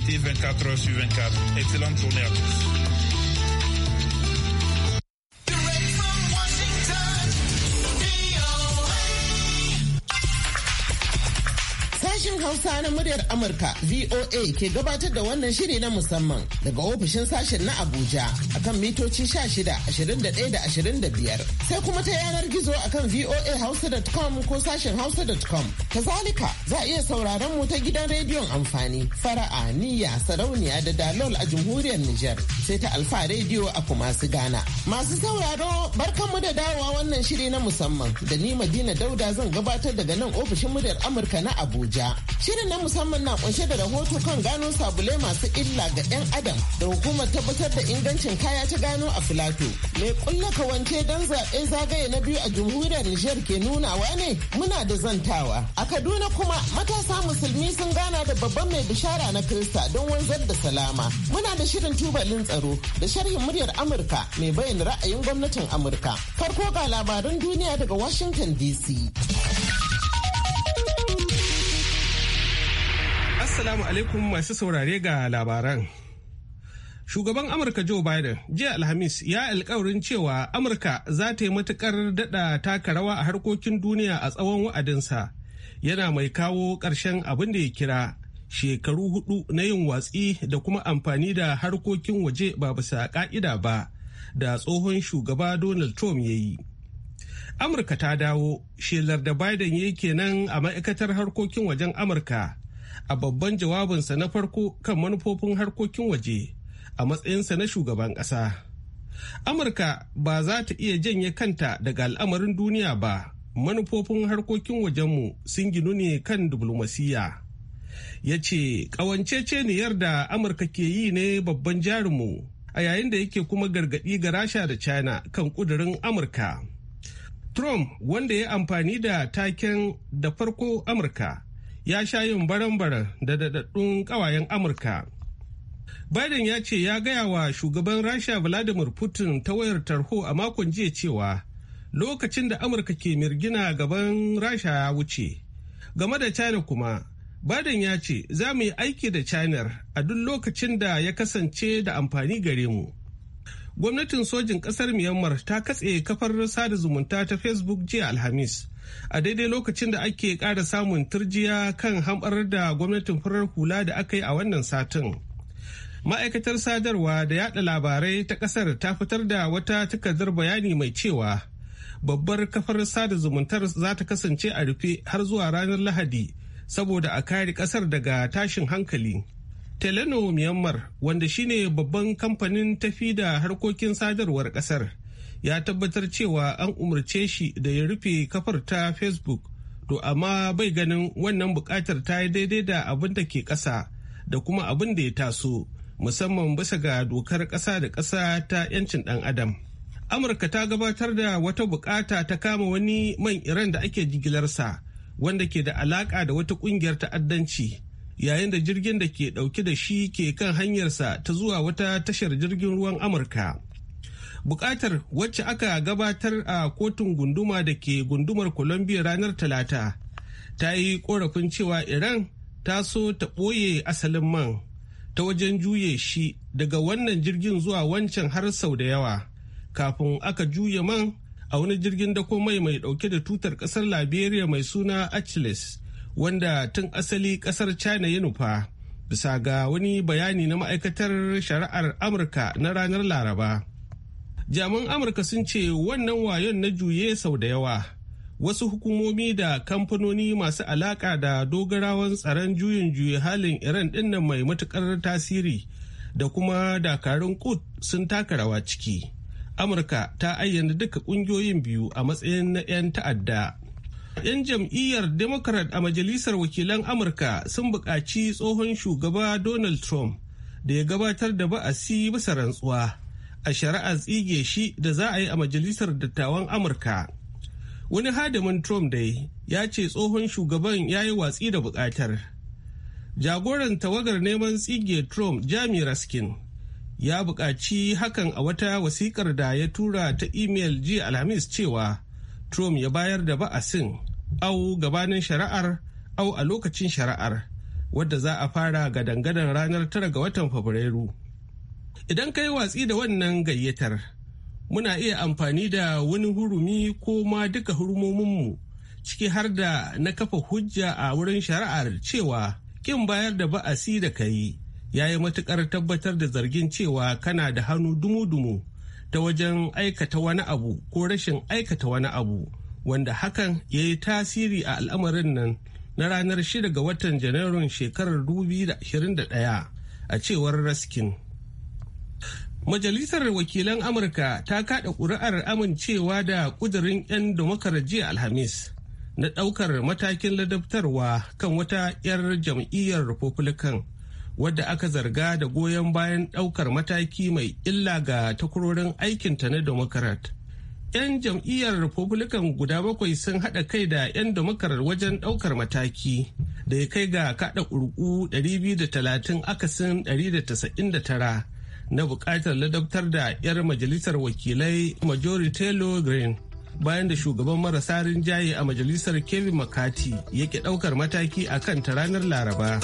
24 heures sur 24. Excellente journée à tous. Hausa na muryar Amurka VOA ke gabatar da wannan shiri na musamman daga ofishin sashen na Abuja akan mitoci 16, 21 da 25 sai kuma ta yanar gizo akan voahausa.com ko sashen hausa.com. Kazalika za a iya sauraron mu ta gidan rediyon amfani fara'a niyya sarauniya da dalol a jamhuriyar Nijar sai ta alfa rediyo a kumasi Ghana. Masu sauraro mu da dawowa wannan shiri na musamman da ni Madina Dauda zan gabatar daga nan ofishin muryar Amurka na Abuja. Shirin na musamman na kunshe da rahoto kan gano sabulai masu illa ga 'yan adam da hukumar tabbatar da ingancin kaya ta gano a filato. Mai kulla kawance don zaɓe zagaye na biyu a jamhuriyar Nijar ke nunawa ne muna da zantawa. A Kaduna kuma matasa musulmi sun gana da babban mai bishara na Kirista don wanzar da salama. Muna da shirin tubalin tsaro da sharhin muryar Amurka mai bayyana ra'ayin gwamnatin Amurka. Farko ga labaran duniya daga Washington DC. Assalamu alaikum masu saurare ga labaran. Shugaban Amurka Joe Biden jiya Alhamis ya alkawarin cewa Amurka za ta yi matukar daɗa taka rawa a harkokin duniya a tsawon wa'adinsa yana mai kawo ƙarshen abin da ya kira shekaru hudu na yin watsi da kuma amfani da harkokin waje ba bisa ƙa'ida ba da tsohon shugaba Donald Trump ya yi. Amurka ta dawo shelar da Biden ya kenan a ma'aikatar harkokin wajen Amurka. a babban jawabinsa na farko kan manufofin harkokin waje a matsayinsa na shugaban ƙasa. Amurka ba za ta iya janye kanta daga al'amarin duniya ba, manufofin harkokin wajenmu sun ginu ne kan diplomasiya. Ya ce, ƙawanceceniyar da Amurka ke yi ne babban jarinmu, a yayin da yake kuma gargaɗi ga Rasha da China kan ƙudurin Amurka. Trump, wanda ya amfani da taken da farko Amurka, ya sha yin baran-baran da daɗaɗɗun ƙawayen amurka biden ya ce ya gaya wa shugaban rasha vladimir putin ta wayar tarho a makon jiya cewa lokacin da amurka ke mirgina gaban rasha ya wuce game da china kuma biden ya ce za mu yi aiki da china a duk lokacin da ya kasance da amfani gare mu gwamnatin sojin kasar myanmar ta katse kafar sada zumunta ta facebook jiya alhamis a daidai lokacin da ake ƙara samun turjiya kan hamɓarar da gwamnatin farar hula da aka yi a wannan satin. Ma'aikatar sadarwa da yada labarai ta ƙasar ta fitar da wata takardar bayani mai cewa babbar kafar sada zumuntar za ta kasance a rufe har zuwa ranar Lahadi saboda a kare ƙasar daga tashin hankali. Teleno Myanmar wanda shine babban kamfanin tafi da harkokin sadarwar ƙasar. ya tabbatar cewa an umarce shi da ya rufe kafar ta facebook to amma bai ganin wannan bukatar ta yi daidai da abin da ke ƙasa da kuma abin da ya taso musamman bisa ga dokar ƙasa da ƙasa ta 'yancin ɗan adam amurka ta gabatar da wata bukata ta kama wani man iran da ake jigilarsa wanda ke da alaƙa da wata ƙungiyar ta'addanci yayin da jirgin da ke ɗauke da shi ke kan hanyarsa ta zuwa wata tashar jirgin ruwan amurka bukatar wacce aka gabatar a kotun gunduma da ke gundumar colombia ranar talata ta yi korafin cewa iran ta so ta ɓoye asalin man ta wajen juye shi daga wannan jirgin zuwa wancan har sau da yawa kafin aka juye man a wani jirgin da komai mai dauke da tutar kasar liberia mai suna achilles wanda tun asali kasar china ya nufa bisa ga wani bayani na ma'aikatar shari'ar amurka na ranar laraba jami'an amurka sun ce wannan wayon na juye sau da yawa wasu hukumomi da kamfanoni masu alaka da dogarawan tsaron juyin juye halin iran dinnan mai matukar tasiri da kuma dakarun kut sun taka rawa ciki amurka ta ayyana duka kungiyoyin biyu a matsayin na 'yan ta'adda 'yan jam'iyyar democrat a majalisar wakilan amurka sun buƙaci tsohon shugaba donald trump da ya gabatar da ba'asi bisa rantsuwa a shari'a tsige shi da za a yi a majalisar dattawan amurka wani hadimin trump dai ya ce tsohon shugaban ya yi watsi da bukatar jagoran tawagar neman tsige trump jami raskin ya buƙaci hakan a wata wasiƙar da ya tura ta imel jiya alhamis cewa trump ya bayar da ba'asin au gabanin shari'ar au a lokacin shari'ar wadda za a fara ga dangadan ranar tara ga watan fabrairu Idan ka yi watsi da wannan gayyatar, muna iya amfani da wani hurumi ko ma duka hurumominmu ciki har da na kafa hujja a wurin shari'ar cewa kin bayar da ba'asi da ka yi ya yi matukar tabbatar da zargin cewa kana da hannu dumu-dumu ta wajen aikata wani abu ko rashin aikata wani abu wanda hakan ya yi tasiri a al'amarin nan na ranar 6 ga watan janairun shekarar 2021 a cewar raskin. Majalisar Wakilan Amurka ta kada ƙuri'ar amincewa da ƙudurin 'yan jiya Alhamis na ɗaukar matakin ladabtarwa kan wata 'yar jam'iyyar Republican wadda aka zarga da goyon bayan ɗaukar mataki mai illa ga takwarorin aikinta na Democrat. 'yan jam'iyyar republican guda bakwai sun haɗa kai da 'yan Democrat wajen ɗaukar mataki da ya kai ga kaɗa ƙurƙu 230 akasin 199 na bukatar ladabtar da 'yar majalisar wakilai majori taylor green bayan da shugaban marasa rinjaye a majalisar kevin mccarthy yake daukar mataki a kanta ta ranar laraba.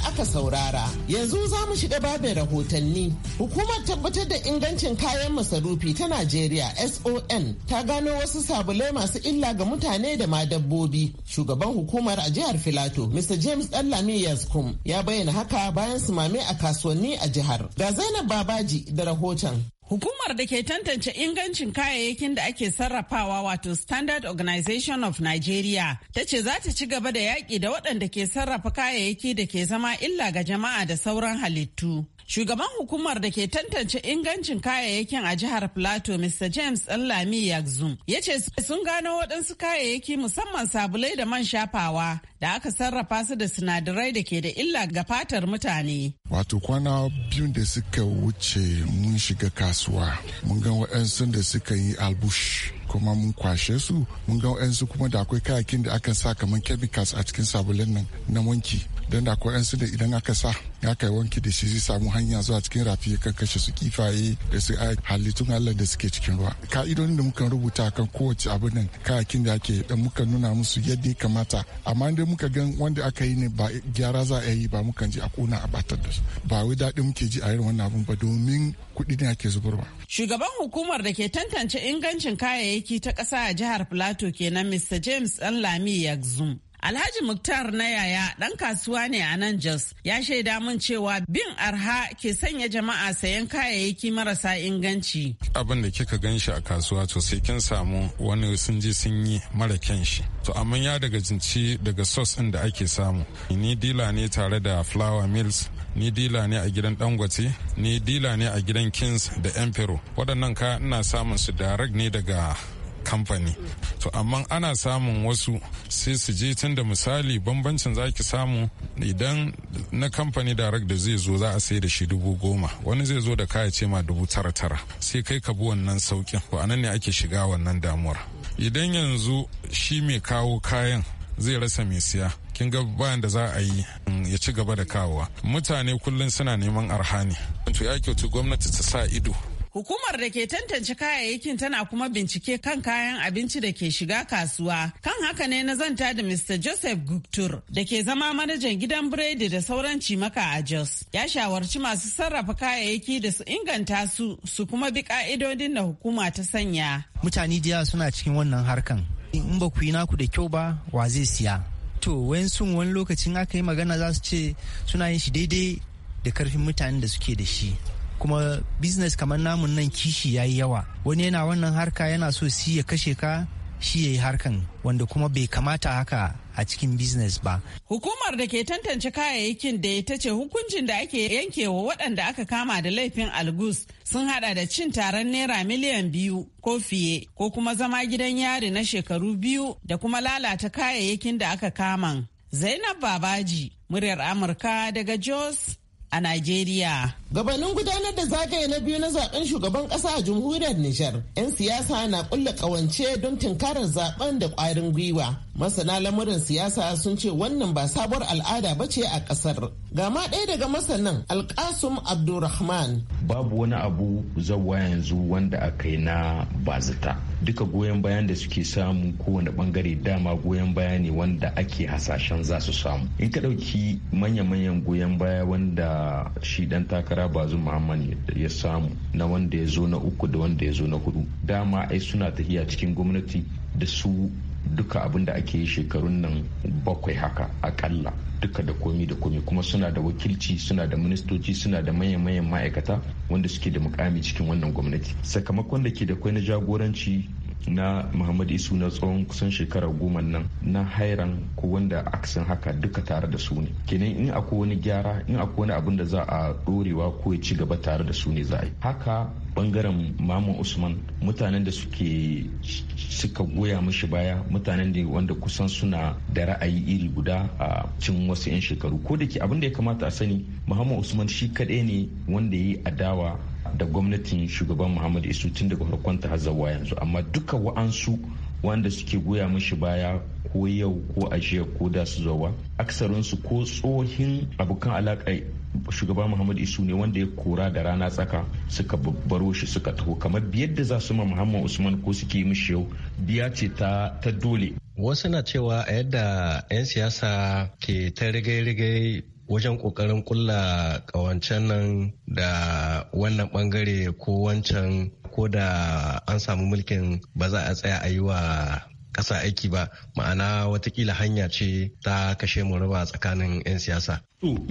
da aka saurara. Yanzu za mu shiga babin rahotanni. Hukumar tabbatar da ingancin kayan masarufi ta Najeriya SON ta gano wasu sabulai masu illa ga mutane da ma dabbobi. Shugaban hukumar a jihar Filato, Mr. James Dallami Yaskum, ya bayyana haka bayan su sumame a kasuwanni a jihar. Ga Zainab Babaji da rahoton. Hukumar da ke tantance ingancin kayayyakin da ake sarrafawa wato Standard Organization of Nigeria ta ce za ta ci gaba da yaƙi da waɗanda ke sarrafa kayayyaki da ke zama illa ga jama'a da sauran halittu. Shugaban hukumar da ke tantance ingancin kayayyakin a jihar Plateau Mr. James Lami Yagzum ya ce sun gano waɗansu kayayyaki musamman sabulai da man shafawa da aka sarrafa su da sinadarai da ke da illa ga fatar mutane. wato kwana biyun da suka wuce mun shiga kasuwa mun ga waɗansu da suka yi albush kuma mun kwashe su mun ga waɗansu kuma da akwai kayakin da aka sa kamar chemicals a cikin sabulan nan na wanki don da akwai yansu da idan aka sa ya kai wanki da shi zai samu hanya zuwa cikin rafi ya su kifaye da su halittun allah da suke cikin ruwa ka'idodin da muka rubuta kan kowace abu nan kayakin da ake da muka nuna musu yadda ya kamata amma dai muka gan wanda aka yi ne ba gyara za a yi ba mukan je a kona a batar da dollars ba wai daɗi muke ji a irin wannan abun ba domin kuɗi ne ake zubarwa. Shugaban hukumar da ke tantance ingancin kayayyaki ta ƙasa a jihar Plateau kenan Mr. James lami Yagzum. Alhaji Muktar na yaya ɗan kasuwa ne a nan Jos ya shaida mun cewa bin arha ke sanya jama'a sayan kayayyaki marasa inganci. Abin da kika gan shi a kasuwa to sai kin samu wani sun ji sun yi mara kyan shi. To amma ya daga jinci daga sos ɗin da ake samu. Ni dila ne tare da flour mills ni dila ne a gidan dangote ni dila ne a gidan kings da emperor waɗannan ka ina samun su direct ne daga kamfani to amma ana samun wasu sai su je tun da misali bambancin za ki samu idan na kamfani direct da zai zo za a sai da shi dubu goma wani zai zo da kaya ce ma dubu tara tara sai kai ka bi wannan saukin to anan ne ake shiga wannan damuwar idan yanzu shi mai kawo kayan zai rasa mai siya kin ga bayan da za a yi mm, ya ci gaba da kawowa mutane kullum suna neman arhani to ya kyautu gwamnati ta sa ido Hukumar da ke tantance kayayyakin tana kuma bincike kan kayan abinci da ke shiga kasuwa. Kan haka ne na zanta da Mr. Joseph Guptur da ke zama manajan gidan biredi da sauran cimaka a Jos. Ya shawarci masu sarrafa kayayyaki da su inganta su su kuma bi ka'idodin da hukuma ta sanya. Mutane diya suna cikin wannan harkan. In ba ku yi naku da kyau ba wa zai siya. to sun wani lokacin aka yi magana za su ce suna yin shi daidai da karfin mutanen da suke da shi kuma business kamar namun nan kishi ya yi yawa wani yana wannan harka yana so si ya kashe ka shi ya yi harkan wanda kuma bai kamata haka a cikin business ba. Hukumar da ke tantance kayayyakin da ita ce hukuncin da ake yankewa waɗanda aka kama da laifin algus sun hada da cin taron naira miliyan biyu ko fiye ko kuma zama gidan yari na shekaru biyu da kuma lalata kayayyakin da aka kama. Zainab Babaji, muryar Amurka daga Jos a nigeria. Gabanin gudanar da zagaye na biyu na zaben shugaban kasa a jamhuriyar Nijar, 'yan siyasa na kulla kawance don tunkarar zaben da kwarin gwiwa. Masana lamurin siyasa sun ce wannan ba sabuwar al'ada ba ce a kasar. Gama ɗaya daga masanan Alkasum Abdulrahman. Babu wani abu zawa yanzu wanda aka yi na bazita Duka goyon bayan da suke samu kowane bangare dama goyon baya ne wanda ake hasashen za su samu. In ka ɗauki manya-manyan goyon baya wanda shi ɗan takara shugaba bazu muhammad ya samu na wanda ya zo na uku da wanda ya zo na hudu dama ai suna tafiya cikin gwamnati da su duka abin da ake yi shekarun nan bakwai haka akalla duka da komi da komi kuma suna da wakilci suna da ministoci suna da manyan manyan ma'aikata wanda suke da mukami cikin wannan gwamnati sakamakon da ke da kwai na jagoranci na muhammad isu na tsawon kusan shekara goma nan na hairan ko wanda aksin haka duka tare da su ne kenan in akwai wani gyara in akwai wani abin da za a dorewa ko ya ci gaba tare da su ne za a yi haka bangaren mamun usman mutanen da suke suka goya mashi baya mutanen da wanda kusan suna da ra'ayi iri guda a cin wasu 'yan shekaru ko da ke abin da ya kamata a sani muhammad usman shi kaɗai ne wanda ya yi adawa da gwamnatin shugaban muhammadu isu tun daga farkon ta zawa yanzu amma duka wa'ansu wanda suke goya mashi baya ko yau ko ajiya ko da su zawa aksarinsu ko tsohin abokan alaƙa shugaban muhammad isu ne wanda ya kora da rana tsaka suka baro shi suka taho kamar biyar da za su ma muhammad usman ko suke mishi yau biya ce ta dole wasu na cewa a yadda 'yan siyasa ke ta rigai-rigai wajen kokarin kulla kawancen nan da wannan bangare ko wancan ko da an samu mulkin ba za a tsaya a yi wa kasa aiki ba ma'ana watakila hanya ce ta kashe mu raba tsakanin 'yan siyasa.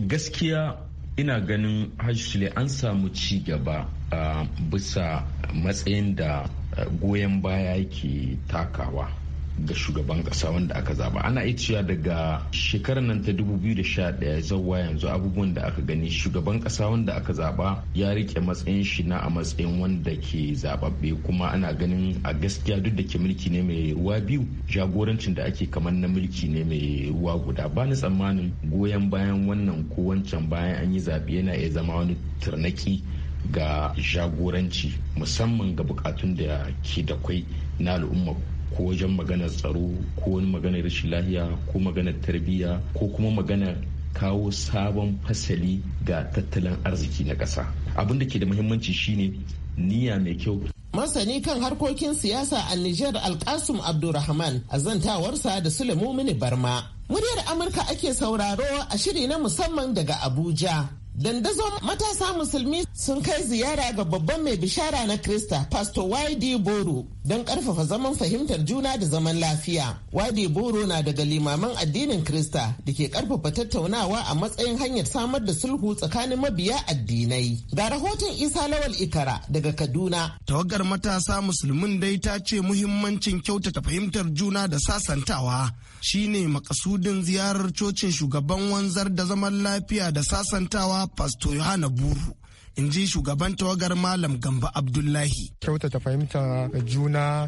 gaskiya ina ganin hajjusule an samu ci gaba ah, bisa matsayin da ah, goyon baya yake takawa ga shugaban kasa wanda aka zaba ana iya daga shekarar nan ta 2011 zuwa yanzu abubuwan da aka gani shugaban kasa wanda aka zaba ya rike matsayin shi na a matsayin wanda ke zababbe kuma ana ganin a gaskiya duk da ke mulki ne mai ruwa biyu jagorancin da ake kamar na mulki ne mai ruwa guda ba ni tsammanin goyon bayan wannan ko wancan bayan an yi zaɓe yana iya zama wani tarnaki ga jagoranci musamman ga bukatun da ke da kwai na al'ummar ko wajen magana tsaro ko wani magana rashin lahiya ko magana tarbiyya ko kuma magana kawo sabon fasali ga tattalin arziki na ƙasa abin da ke da muhimmanci shine niyya mai kyau masani kan harkokin siyasa a Nijar Alkasum Abdulrahman a zantawarsa da Sulemu Mini Barma. Muryar Amurka ake sauraro a shiri na musamman daga Abuja. Dandazo matasa musulmi sun kai ziyara ga babban mai bishara na Krista, Pastor YD Boro, don karfafa zaman fahimtar juna da zaman lafiya. YD Boro na daga limaman addinin Krista da ke karfafa tattaunawa a matsayin hanyar samar da sulhu tsakanin mabiya addinai. Ga rahoton Isa Lawal Ikara daga Kaduna. Tawagar matasa musulmin dai ta ce muhimmancin kyautata fahimtar juna da sasantawa shine makasudin ziyarar cocin shugaban wanzar da zaman lafiya da sasantawa Pastor Yohana Buru in ji shugaban tawagar malam gamba abdullahi kyautata fahimta juna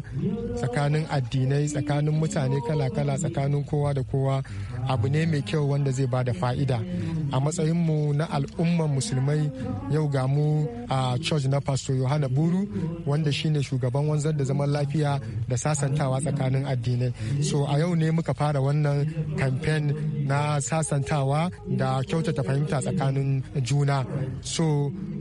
tsakanin addinai tsakanin mutane kala-kala tsakanin kowa da kowa abu ne mai kyau wanda zai ba da fa'ida a matsayin mu na al'umman musulmai yau ga mu a church na pastor yohana buru wanda shine shugaban wanzar da zaman lafiya da sasantawa tsakanin addinai so a yau ne muka fara wannan kamfen na sasantawa da kyautata fahimta tsakanin juna so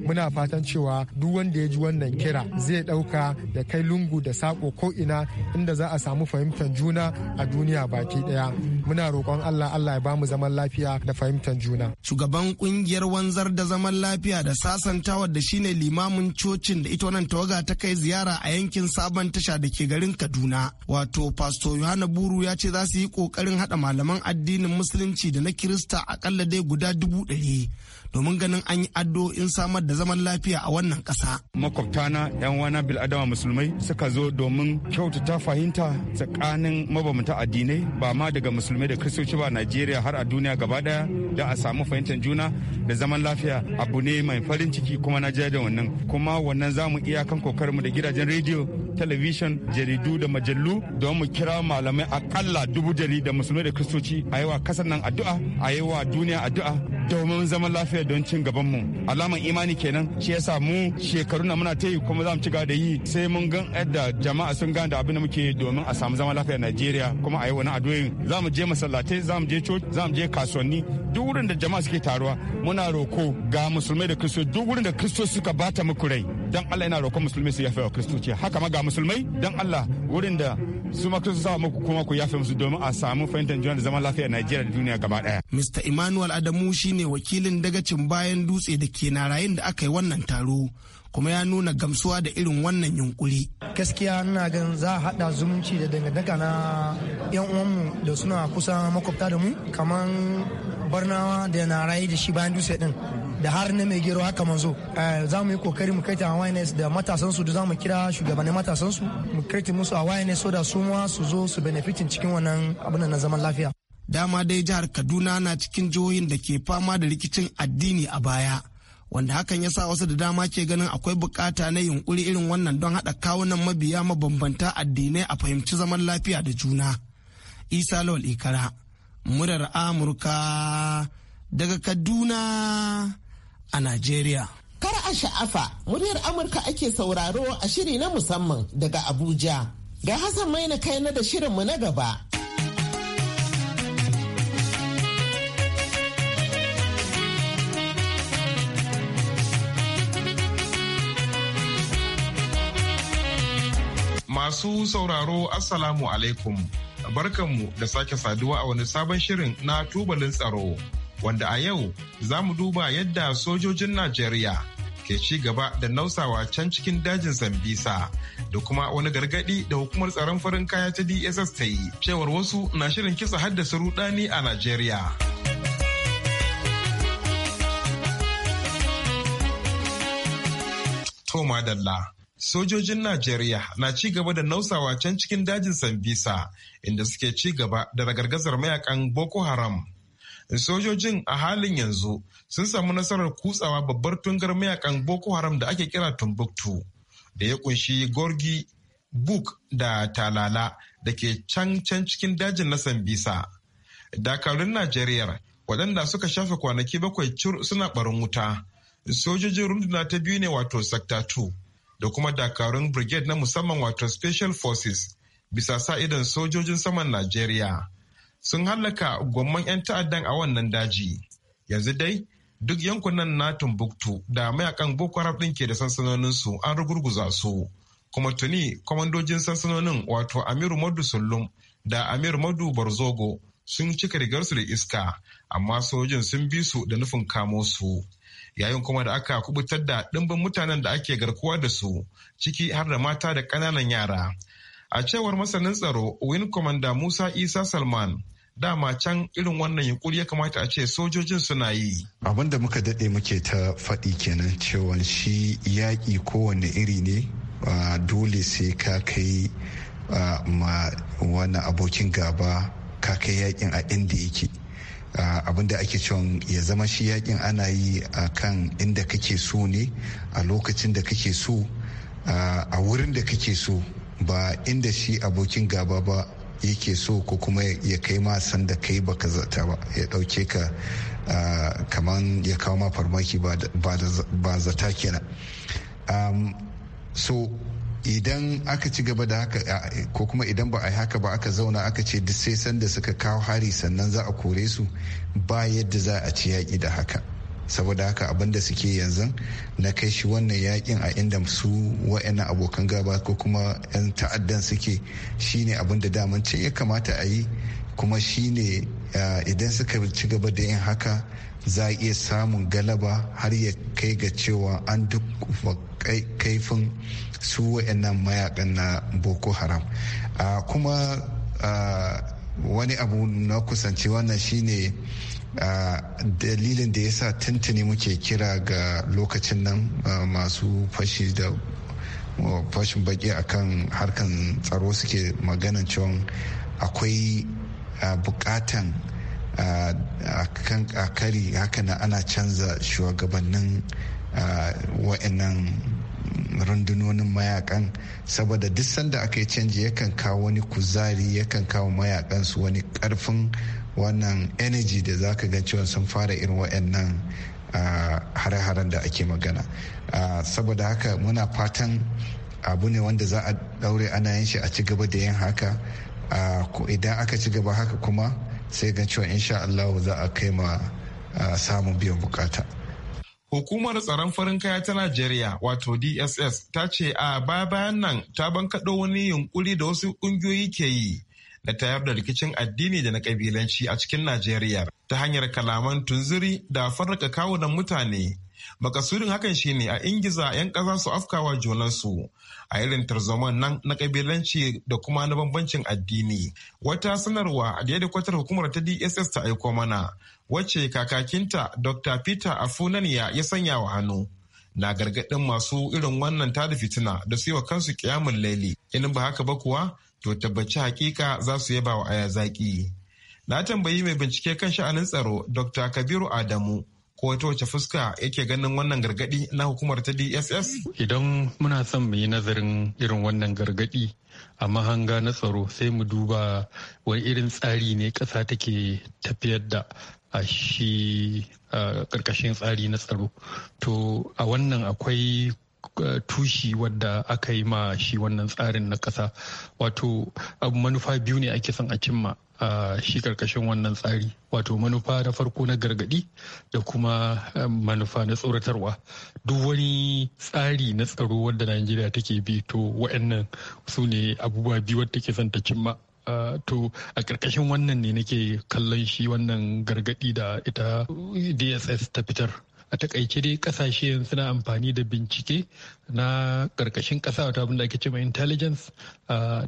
muna fatan cewa duk wanda ya ji wannan kira zai ɗauka da kai lungu da sako ko ina inda za a samu fahimtar juna a duniya baki ɗaya muna roƙon allah allah ya bamu zaman lafiya da fahimtar juna shugaban kungiyar wanzar da zaman lafiya da sasantawa da shine limamin cocin da ita wannan tawaga ta kai ziyara a yankin sabon tasha da ke garin kaduna wato pastor yohana buru ya ce za su yi ƙoƙarin haɗa malaman addinin musulunci da na kirista a dai guda dubu ɗari domin ganin an yi addu'o'in samar da zaman lafiya a wannan ƙasa. Makwabtana 'yan wana bil'adama musulmai suka zo domin kyautata fahimta tsakanin mabamta addinai ba ma daga musulmai da kristoci ba Najeriya har a duniya gaba daya da a samu fahimtar juna da zaman lafiya abu ne mai farin ciki kuma na da wannan kuma wannan za mu iya kan kokarinmu da gidajen rediyo talabishin jaridu da majallu don mu kira malamai akalla dubu jari da musulmai da kristoci a yawa kasar nan addu'a a yawa duniya addu'a domin zaman lafiya don cin gabanmu alaman imani kenan shi yasa mu shekaru na muna ta yi kuma za mu ci gaba da yi sai mun gan yadda jama'a sun gane da abin da muke domin a samu zaman lafiya a Najeriya kuma a yi wani addu'o'in za mu je masallatai za mu je coci za mu je kasuwanni duk wurin da jama'a suke taruwa muna roko ga musulmai da kristo duk wurin da kristo suka bata muku rai dan Allah yana roko musulmai su yafe wa kristoci haka ma ga musulmai dan Allah wurin da su ma sa muku kuma ku yafe musu domin a samu fahimtar juna da zaman lafiya Najeriya da duniya gaba daya. Mr. Emmanuel Adamu shine wakilin dagacin bayan dutse da ke narayin da aka yi wannan taro. kuma ya nuna gamsuwa da irin wannan yunkuri. Gaskiya ina gan za a haɗa zumunci da dangantaka na 'yan uwanmu da suna kusa makwabta da mu kamar barnawa da na da shi bayan dutse din da har ne mai gero haka manzo eh, za mu yi kokari mu kai ta awareness da matasan su za mu kira shugabannin matasan su mu kai musu awareness so da su ma su zo su benefitin cikin wannan abin na zaman lafiya dama dai jihar kaduna na cikin jihohin da ke fama da rikicin addini a baya wanda hakan ya sa wasu da dama ke ganin akwai bukata na yunkuri irin wannan don haɗa kawunan mabiya mabambanta addinai a fahimci zaman lafiya da juna isa lawal ikara murar amurka daga kaduna a Najeriya. Kar a sha'afa muryar Amurka ake sauraro a shiri na musamman daga Abuja. Ga Hassan Maina kaina da shirin mu na gaba. Masu sauraro Assalamu alaikum. Barkanmu da sake saduwa a wani sabon shirin na tubalin tsaro wanda a yau za mu duba yadda sojojin Najeriya ke ci gaba da nausawa can cikin dajin Sambisa da kuma wani gargadi da hukumar tsaron farin kaya ta DSS ta yi cewar wasu na shirin kisa haddasa rudani a Najeriya. Toma Dalla. Sojojin Najeriya na ci gaba da nausawa can cikin dajin Sambisa inda suke ci gaba da ragargazar mayakan Boko Haram sojojin a halin yanzu sun samu nasarar kutsawa babbar tungar mayakan boko haram da ake kira tumbuktu da ya kunshi gorgi buk da talala da ke can can cikin dajin na sambisa dakarun najeriya waɗanda suka shafe kwanaki bakwai cur suna ɓarin wuta sojojin runduna ta biyu ne wato sakta 2 da kuma dakarun brigade na musamman wato special forces bisa sa idan sojojin saman najeriya sun hallaka gwamman 'yan ta'addan a wannan daji yanzu dai duk yankunan na Tumbuktu da mayakan Boko Haram ɗin ke da sansanoninsu an rugurguza su. Kuma tuni kwamandojin sansanonin wato Amiru Madu Sullum da Amiru Madu Barzogo sun cika rigarsu da iska amma sojin sun bi su da nufin kamo su. Yayin kuma da aka kubutar da ɗimbin mutanen da ake garkuwa da su ciki har da mata da ƙananan yara. A cewar masanin tsaro Win Commander Musa Isa Salman, dama can irin wannan yunkuri ya kamata a ce sojojin suna yi. Abin da muka daɗe muke ta faɗi kenan cewa shi yaƙi kowane iri ne dole sai ka kai ma wani abokin gaba ka kai yaƙin a inda yake. abin da ake cewa ya zama shi yakin ana yi a kan inda kake so ne a lokacin da kake so a wurin da kake so ba inda shi abokin gaba ba yake so ko kuma ya kai ma sanda kai ba ka zata ba ya dauke ka kaman ya kawo ma farmaki ba zata kenan so idan aka ci gaba da haka ko kuma idan ba a yi haka ba aka zauna aka ce duk sai sanda suka kawo hari sannan za a kore su ba yadda za a ci yaƙi da haka saboda haka abin da suke yanzu na kai shi wannan yakin a inda su wa'ina abokan gaba ko kuma 'yan ta'addan suke shine abin da daman ce ya kamata a yi kuma shine idan suka ci gaba da yin haka za a iya samun galaba har ya kai ga cewa an duk kaifin su wa'annan mayakan na boko haram kuma wani abu na kusanci wannan shine a dalilin da ya sa tuntuni muke kira ga lokacin nan masu fashi da fashin baki akan harkan tsaro suke maganan cewa akwai bukatan a kari haka na ana canza shugabannin wa'annan rundunonin mayakan saboda duk sanda aka yi canji yakan kawo wani kuzari yakan kawo mayakan su wani karfin wannan energy da za ka ga cewa sun fara irin waɗannan hare-haren da ake magana saboda haka muna fatan abu ne wanda za a daure ana yin shi a ci gaba da yin haka idan aka ci gaba haka kuma sai ga cewa insha Allah za a kai ma samun biyan bukata. Hukumar tsaron farin kaya ta Najeriya wato DSS ta ce a baya bayan nan ta bankaɗo wani yunkuri da wasu ƙungiyoyi ke yi na tayar da rikicin addini da na kabilanci a cikin Najeriya ta hanyar kalaman tunzuri da farraka kawunan mutane. Makasudin hakan shi ne a ingiza 'yan ƙasa su afkawa junansu a irin tarzoman nan na kabilanci da kuma na bambancin addini. Wata sanarwa da ya kwatar hukumar ta DSS ta aiko mana, wacce kakakinta Dr. Peter Afunaniya ya sanya wa hannu. na gargaɗin masu irin wannan tada fitina da su yi wa kansu kiyamun laili in ba haka ba kuwa to tabbaci hakika za su yaba wa aya zaki. Na tambayi mai bincike kan sha'anin tsaro Dr. Kabiru Adamu ko wata wace fuska yake ganin wannan gargadi na hukumar ta DSS? Idan muna son mu yi nazarin irin wannan gargadi a mahanga na tsaro sai mu duba wani irin tsari ne ƙasa take tafiyar da a shi ƙarƙashin tsari na tsaro. To a wannan akwai Eh, tushi wadda aka yi ma shi wannan tsarin na ƙasa wato abu manufa biyu ne ake son a cimma a shi karkashin wannan tsari wato manufa na farko na gargadi da kuma eh, manufa na tsoratarwa duk wani tsari na tsaro wadda najeriya take bi to wa'annan su ne abubuwa biyu wadda ke son ta cimma Uh, to a ƙarƙashin wannan ne nake kallon shi wannan gargaɗi da ita dss ta fitar a takaice dai kasashe yanzu suna amfani da bincike na karkashin kasa wata abin da ake cewa intelligence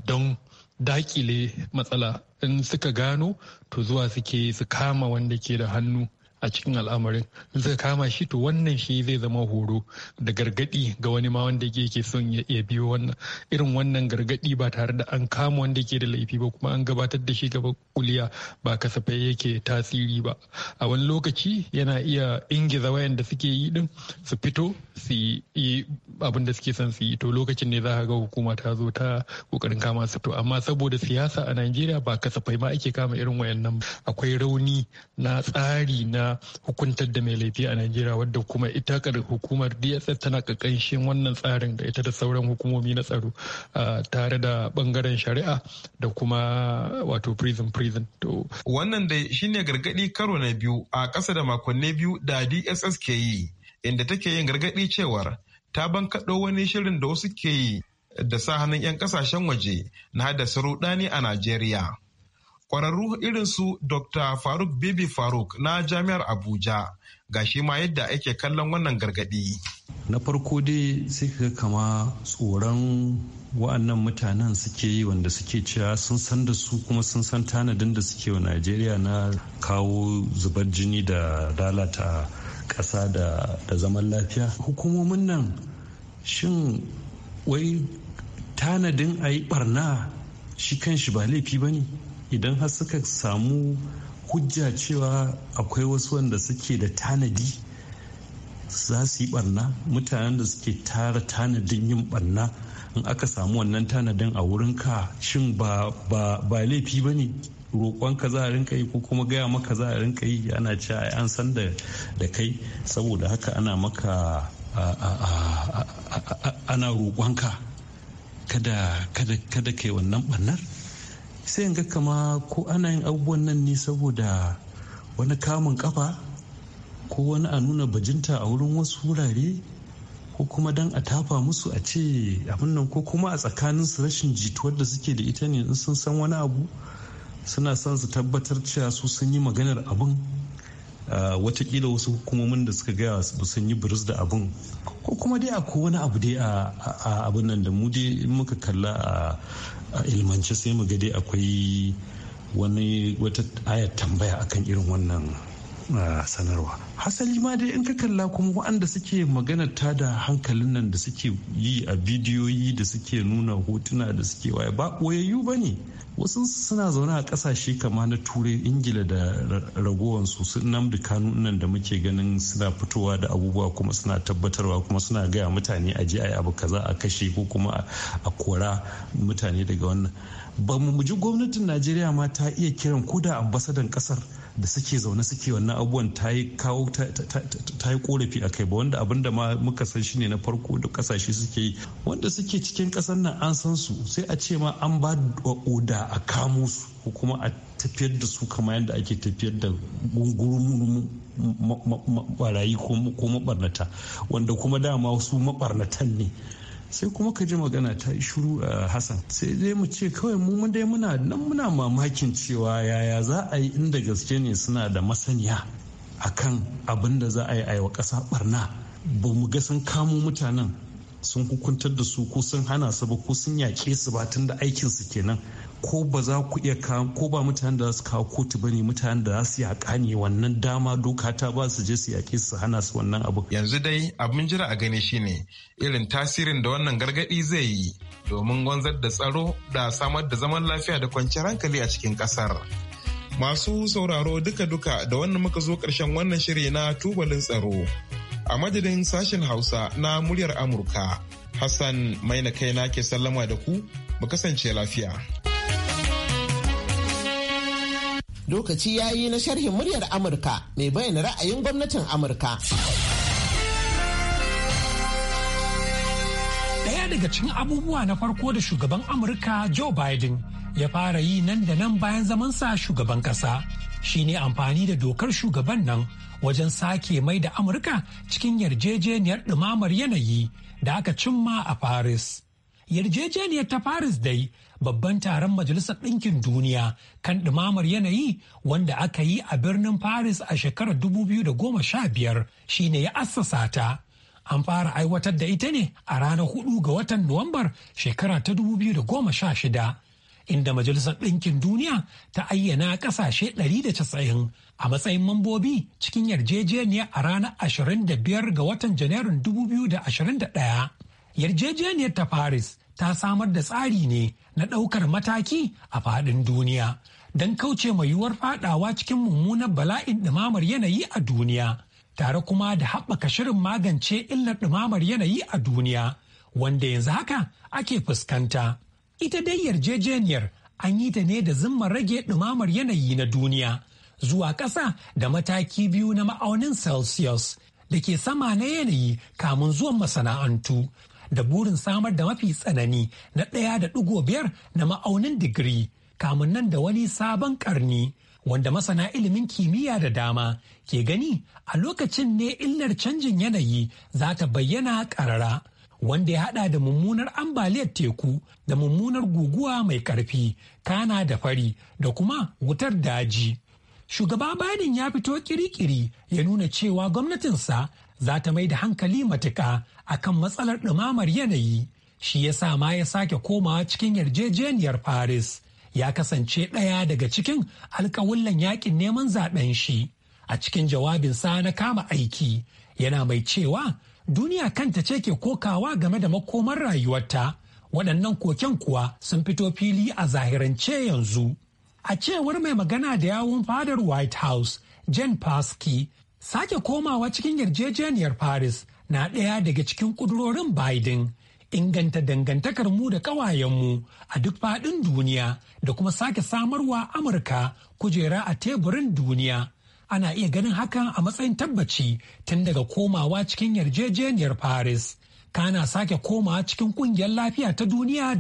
don dakile matsala in suka gano to zuwa suke su kama wanda ke da hannu a cikin al'amarin zai kama shi to wannan shi zai zama horo da gargadi ga wani ma wanda yake son ya biyo wannan irin wannan gargadi ba tare da an kama wanda ke da laifi ba kuma an gabatar da shi gaba kuliya ba kasafai yake tasiri ba a wani lokaci yana iya ingiza wayanda suke yi din su fito su yi abin da suke son su yi to lokacin ne za ka ga hukuma ta zo ta kokarin kama su to amma saboda siyasa a Najeriya ba kasafai ma ake kama irin wayannan ba. akwai rauni na tsari na hukuntar da mai laifi a Najeriya wadda kuma ita hukumar DSS tana kakanshin wannan tsarin da ita da sauran hukumomi na tsaro tare da bangaren shari'a da kuma wato prison prison. Wannan dai shine gargadi karo na biyu a ƙasa da makonni biyu da DSS ke yi inda take yin gargadi cewar ta bankaɗo wani shirin da wasu ke yi da sa hannun 'yan kasashen waje na haddasa rudani a Najeriya. Kwararru irin su Dr. Faruk Bibi Faruk na Jami'ar Abuja ga shi ma yadda ake kallon wannan gargaɗi. Na farko dai sai ka kama tsoron wa'annan mutanen suke yi wanda suke cewa sun san da su kuma sun san tanadin da suke wa Najeriya na kawo zubar jini da dalata ƙasa da zaman lafiya. Hukumomin nan shin wai tanadin a yi barna shi kan shi ba laifi ba ne? idan har suka samu hujja cewa akwai wasu wanda suke da tanadi za su yi barna mutanen da suke tara tanadin yin barna in aka samu wannan tanadin a wurin ka shin ba laifi ba ne roƙonka za a rinka yi ko kuma gaya maka za a rinka yi ana a an san da kai saboda haka ana maka ana roƙonka kada kada kada kai wannan barnar sai in ga kama ko ana yin abubuwan nan ne saboda wani kamun kafa ko wani a nuna bajinta a wurin wasu wurare ko kuma dan a tafa musu a ce abin nan ko kuma a tsakanin su rashin jituwar da suke da ita ne in sun san wani abu suna son su tabbatar cewa su sun yi maganar abin ah, watakila wasu hukumomin da suka gaya su sun yi biris da abin ko kuma dai a wani abu dai a abin nan da mu dai muka kalla a a ilmance sai mu dai akwai wani wata ayar tambaya akan irin wannan sanarwa hasali ma dai in ka kalla kuma waɗanda suke magana ta da hankalin nan da suke yi a bidiyoyi da suke nuna hotuna da suke waye ba ɓoyayyu ba ne wasu suna zaune a kasashe kama na turai ingila da ragowansu su namdi kanu nan da muke ganin suna fitowa da abubuwa kuma suna tabbatarwa kuma suna gaya mutane a ji abu kaza a kashe ko kuma a kora mutane daga wannan ba mu ji gwamnatin najeriya ma ta iya kiran ko da ambasadan ƙasar. da suke zaune suke wannan abubuwan ta yi kawo korafi a kai ba wanda abin da muka san shi ne na farko da kasashe suke yi wanda suke cikin kasar nan an san su sai a ce ma an ba da oda a kamo su ko kuma a tafiyar da su kamar yadda ake tafiyar da gungurumu barayi ko mabarnata wanda kuma dama su mabarnatan ne sai kuma ka ji magana ta shuru a eh, hassan sai dai mu ce kawai mu dai muna nan muna mamakin cewa yaya za a yi inda gaske ne suna da masaniya a kan abin da za a yi a yi wa ƙasa barna ba mu ga sun kamo mutanen sun hukuntar da su ko sun hana su ba ko sun yaƙe su ba tun da aikinsu kenan ko ba za ku iya ko ba mutane da za su kawo kotu ba ne mutane da za su yaƙa ne wannan dama doka ta ba su je su yaƙe su hana su wannan abu yanzu dai abin jira a gani shine irin tasirin da wannan gargaɗi zai yi domin wanzar da tsaro da samar da zaman lafiya da kwanciyar hankali a cikin ƙasar masu sauraro duka-duka da wannan muka zo ƙarshen wannan shiri na tubalin tsaro a madadin sashen hausa na muryar amurka hassan maina na ke sallama da ku mu kasance lafiya lokaci ya yi na sharhin muryar amurka mai bayyana ra'ayin gwamnatin amurka daya daga cikin abubuwa na farko da shugaban amurka joe biden ya fara yi nan da nan bayan zamansa shugaban kasa shine amfani da dokar shugaban nan wajen sake mai da amurka cikin yarjejeniyar ɗumamar yanayi da aka cimma a paris Yarjejeniyar ta Paris dai babban taron Majalisar Ɗinkin Duniya kan ɗumamar yanayi wanda aka yi a birnin Paris a shekarar 2015 shine ya assasa ta. An fara aiwatar da ita ne a ranar 4 ga watan Nuwambar shekara ta 2016. Inda Majalisar Ɗinkin Duniya ta ayyana ƙasashe 190 a matsayin mambobi cikin yarjejeniya a ranar 25 ga watan Janairun 2021. Yarjejeniyar ta Paris ta samar da tsari ne na ɗaukar mataki a faɗin duniya don kauce mai yiwuwar faɗawa cikin mummunar bala'in ɗumamar yanayi a duniya tare kuma da haɓaka shirin magance illar ɗumamar yanayi a duniya wanda yanzu haka ake fuskanta. Ita dai yarjejeniyar an yi ta ne da zimmar rage ɗumamar yanayi na duniya zuwa ƙasa da mataki biyu na ma'aunin Celsius da ke sama na yanayi kamun zuwan masana'antu. da burin samar da mafi tsanani na ɗaya da ɗigo biyar na ma'aunin digiri kamun nan da wani sabon ƙarni wanda masana ilimin kimiyya da dama ke gani a lokacin ne illar canjin yanayi za ta bayyana ƙarara wanda ya haɗa da mummunar ambaliyar teku da mummunar guguwa mai ƙarfi kana da fari da kuma wutar daji. shugaba Biden ya fito kiri-kiri ya nuna cewa gwamnatinsa za ta mai da hankali matuka kan matsalar ɗumamar yanayi shi ya sa ma ya sake komawa cikin yarjejeniyar paris ya kasance ɗaya daga cikin alkawullan yakin neman zaɓen shi a cikin jawabinsa na kama aiki yana mai cewa duniya kanta ce ke kokawa game da makomar rayuwarta waɗannan koken kuwa sun fito fili a zahirance yanzu a cewar mai magana da yawun fadar white house jen paski Sake komawa cikin yarjejeniyar Paris na ɗaya daga cikin ƙudurorin Biden inganta dangantakar mu da ƙawayenmu a duk faɗin duniya da kuma sake samarwa Amurka kujera a teburin duniya. Ana iya ganin haka a matsayin tabbaci tun daga komawa cikin yarjejeniyar Paris. Kana sake komawa cikin ƙungiyar lafiya ta duniya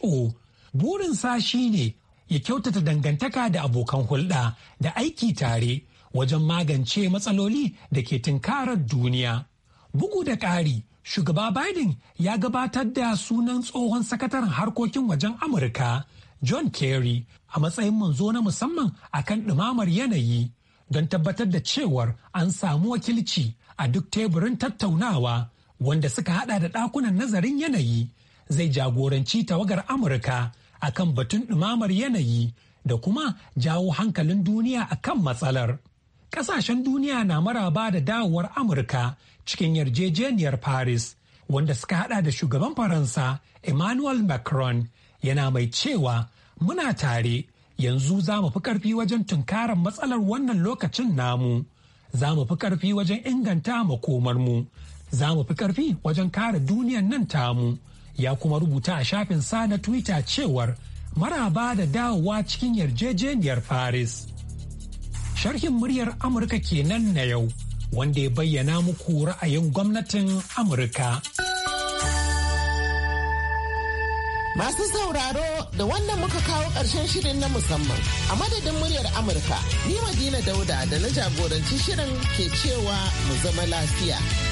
WHO. burin sa shine ya kyautata dangantaka da abokan hulɗa da aiki tare wajen magance matsaloli da ke tunkarar duniya. Bugu da ƙari, shugaba Biden ya gabatar da sunan tsohon sakataren harkokin wajen Amurka, John Kerry, a matsayin manzo na musamman akan ɗumamar yanayi don tabbatar da cewar an samu wakilci a duk teburin tattaunawa wanda suka hada da ɗakunan nazarin yanayi zai jagoranci tawagar Amurka akan batun ɗumamar yanayi da kuma jawo hankalin duniya akan matsalar. kasashen duniya na maraba da dawowar Amurka cikin yarjejeniyar Paris, wanda suka hada da shugaban Faransa Emmanuel Macron yana mai cewa muna tare yanzu za mu fi karfi wajen tunkarar matsalar wannan lokacin namu. Za mu fi karfi wajen inganta makomarmu, za mu fi karfi wajen kare duniyan nan tamu. Ya kuma rubuta a shafin sa na Twitter cewar maraba da dawowa cikin yarjejeniyar Paris. Sharhin muryar Amurka kenan na yau, wanda ya bayyana muku ra'ayin gwamnatin Amurka. Masu sauraro da wannan muka kawo ƙarshen shirin na musamman a madadin muryar Amurka, ni Madina Dauda da na jagoranci shirin ke cewa mu zama lafiya.